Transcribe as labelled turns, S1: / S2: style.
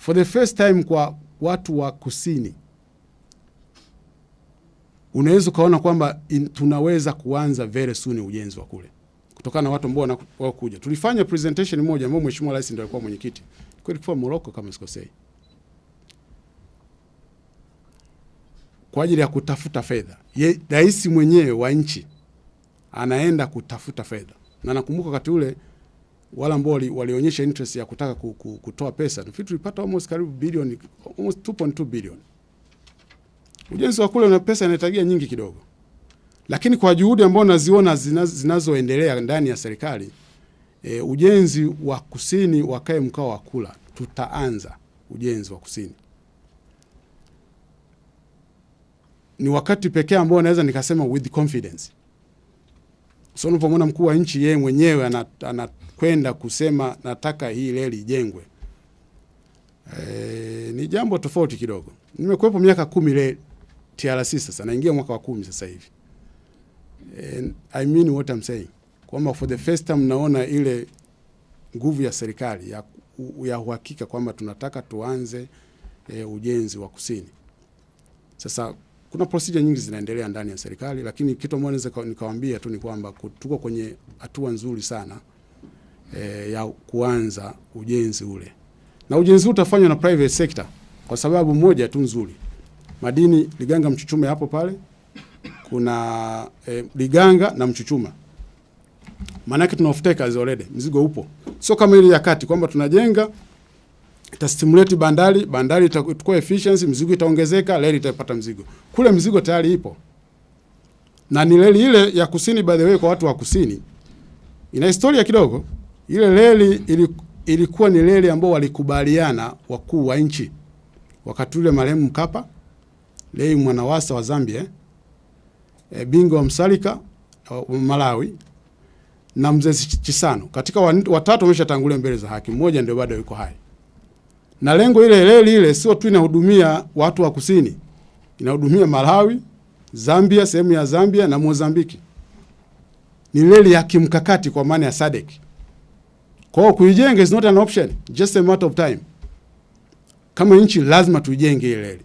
S1: for the first time kwa watu wa kusini unaweza ukaona kwamba in, tunaweza kuanza very soon ujenzi wa kule kutokana na watu ambao wanakuja. Tulifanya presentation moja ambayo mheshimiwa rais ndiye alikuwa mwenyekiti, tulikuwa Morocco kama sikosei, kwa ajili ya kutafuta fedha. Rais mwenyewe wa nchi anaenda kutafuta fedha, na nakumbuka wakati ule wale ambao walionyesha interest ya kutaka kutoa pesa, nafikiri tulipata almost karibu bilioni almost 2.2 bilioni. Ujenzi wa kule una pesa inahitajia nyingi kidogo, lakini kwa juhudi ambao naziona zinazoendelea ndani ya serikali e, ujenzi wa kusini wa kae mkoa wa kula, tutaanza ujenzi wa kusini. Ni wakati pekee ambao naweza nikasema with confidence. So unapomwona mkuu wa nchi yeye mwenyewe ana, ana, kwenda kusema nataka hii reli ijengwe. E, ni jambo tofauti kidogo. Nimekuwepo miaka kumi le TRC sasa naingia mwaka wa kumi sasa hivi. And I mean what I'm saying. Kwamba for the first time naona ile nguvu ya serikali ya, ya uhakika kwamba tunataka tuanze e, ujenzi wa kusini. Sasa kuna procedure nyingi zinaendelea ndani ya serikali, lakini kitu ambacho naweza nikawaambia tu ni kwamba tuko kwenye hatua nzuri sana e, ya kuanza ujenzi ule, na ujenzi utafanywa na private sector kwa sababu moja tu nzuri, madini Liganga Mchuchuma hapo pale kuna e, Liganga na Mchuchuma, maanake tuna offtakers already, mzigo upo, sio kama ile ya kati kwamba tunajenga ita stimulate bandari, bandari itakuwa efficiency, mzigo itaongezeka, reli itapata mzigo. Kule mzigo tayari ipo na ni reli ile ya kusini, by the way, kwa watu wa kusini ina historia kidogo. Ile reli ilikuwa ni reli ambao walikubaliana wakuu wa nchi wakati ule, marehemu Mkapa, lei Mwanawasa wa Zambia, e, eh, eh, Bingo wa Msalika wa Malawi na mzee Chisano. Katika watatu wameshatangulia mbele za haki, mmoja ndio bado yuko hai. Na lengo ile leli ile sio tu inahudumia watu wa kusini, inahudumia Malawi, Zambia, sehemu ya Zambia na Mozambiki. Ni reli ya kimkakati kwa maana ya SADC. Kwa hiyo kuijenga is not an option, just a matter of time. Kama nchi lazima tuijenge ile reli.